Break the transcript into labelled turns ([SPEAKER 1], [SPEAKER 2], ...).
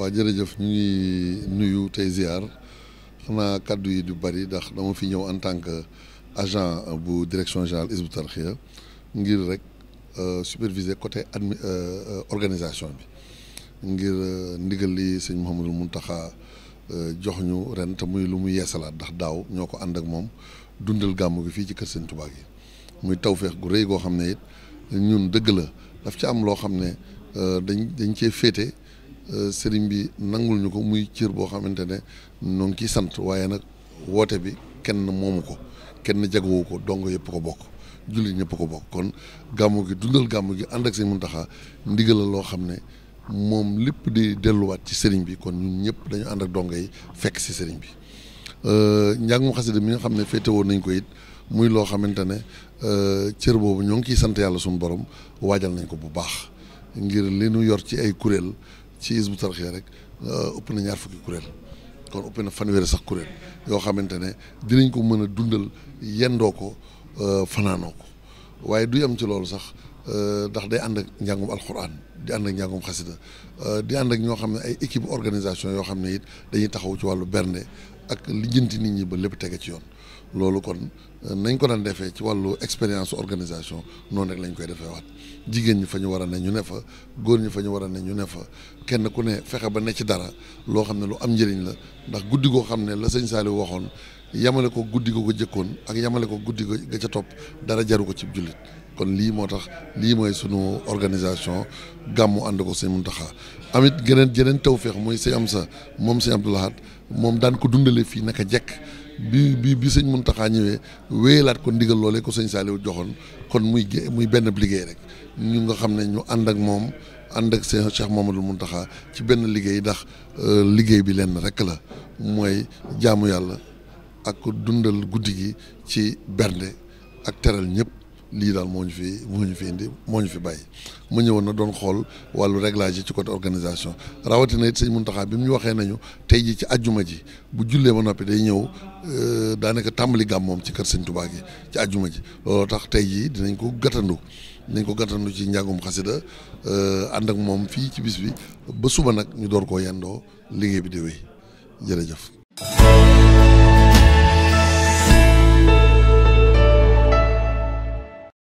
[SPEAKER 1] waa jërëjëf ñu ngi nuyu tey ziar xanaa kàddu yi du bari ndax dama fi ñëw en tant que agent bu direction générale Hizbut Tarqiyyah ngir rek euh, superviser côté admi euh, euh, organisation bi ngir ndigal li sëñ mun Mountakha jox ñu ren te muy lu mu yeesalaat ndax daaw ñoo ko ànd ak moom dundal gàmmu gi fii ci kër sëñ Tuubaa gi muy tawféex gu rëy goo xam ne it ñun dëgg la daf ci am loo xam ne dañ dañ ci féete. Euh, sëriñ bi nangul ñu ko muy cër boo xamante ne ñoo ngi ciy sant waaye nag woote bi kenn moomu ko kenn jagowu ko dong yëpp ko bokk jullit ñëpp ko bokk kon gàmmu gi dundal gàmmu gi ànd ak sëñ Muntaxa ndigal loo xam ne moom lépp di delluwaat ci sëriñ bi kon ñëpp dañu ànd ak dongo yi fekk si sëriñ bi euh, njàngum xasida mi nga xam ne féete woon nañ ko it muy loo xamante ne euh, cër boobu ñoo ngi ciy sant yàlla suñu borom waajal nañ ko bu baax ngir li nu yor ci ay kuréel ci Hizbut Tarqiyyah rek euh, ëpp na ñaar fukki kuréel kon ëpp na fanweeri sax kuréel yoo xamante ne dinañ ko mën a dundal yendoo ko euh, fanaanoo ko waaye du yem ci loolu sax euh, ndax day ànd ak njàngum alxuraan di ànd ak njàngum xasida di ànd ak ñoo xam ne ay équipe organisation yoo xam ne it dañuy taxaw ci wàllu bernde ak lijjanti nit ñi ba lépp tege ci yoon loolu kon nañ ko daan defee ci wàllu expérience organisation noonu rek lañ koy defee waat jigéen ñi fa ñu war a ne ñu ne fa góor ñi fa ñu war a ne ñu ne fa kenn ku ne fexe ba ne ci dara loo xam ne lu am njëriñ la ndax guddi goo xam ne la sëñ Saliou waxoon yamale ko guddi ko ko jëkkoon ak yamale ko guddi ko ga ca topp dara jaru ko ci jullit kon lii moo tax lii mooy sunu organisation gàmmu ànd ko sëñ Muntaxa amit geneen geneen tawféex mooy sëñ Amsa moom sëñ Abdoul Ahad moom daan ko dundale fii naka jekk bi bi bi sëñ Muntaxa ñëwee wéyalaat ko ndigal loolee ko sëñ Saliou joxoon kon muy muy benn liggéey rek ñu nga xam ne ñu ànd ak moom ànd ak seen Cheikh mun taxa ci benn liggéey ndax euh, liggéey bi lenn rek la mooy jaamu yàlla ak dundal guddi gi ci bernde ak teral ñëpp lii daal moo ñu fi moo fi indi moo ñu fi bàyyi mu ñëwoon na doon xool wàllu réglage yi ci côté organisation rawatina it sëñ Muntaxa bi mu ñu waxee nañu tey ji ci ajjuma ji bu jullee ba noppi day ñëw euh, daanaka tàmbali moom ci kër sëñ Tuubaa gi ci ajjuma ji looloo tax tey jii dinañ ko gàttandu dinañ ko gàttandu ci njàngum xasida euh, ànd ak moom fii ci bis bi ba suba nag ñu door koo yendoo liggéey bi di wéy jërëjëf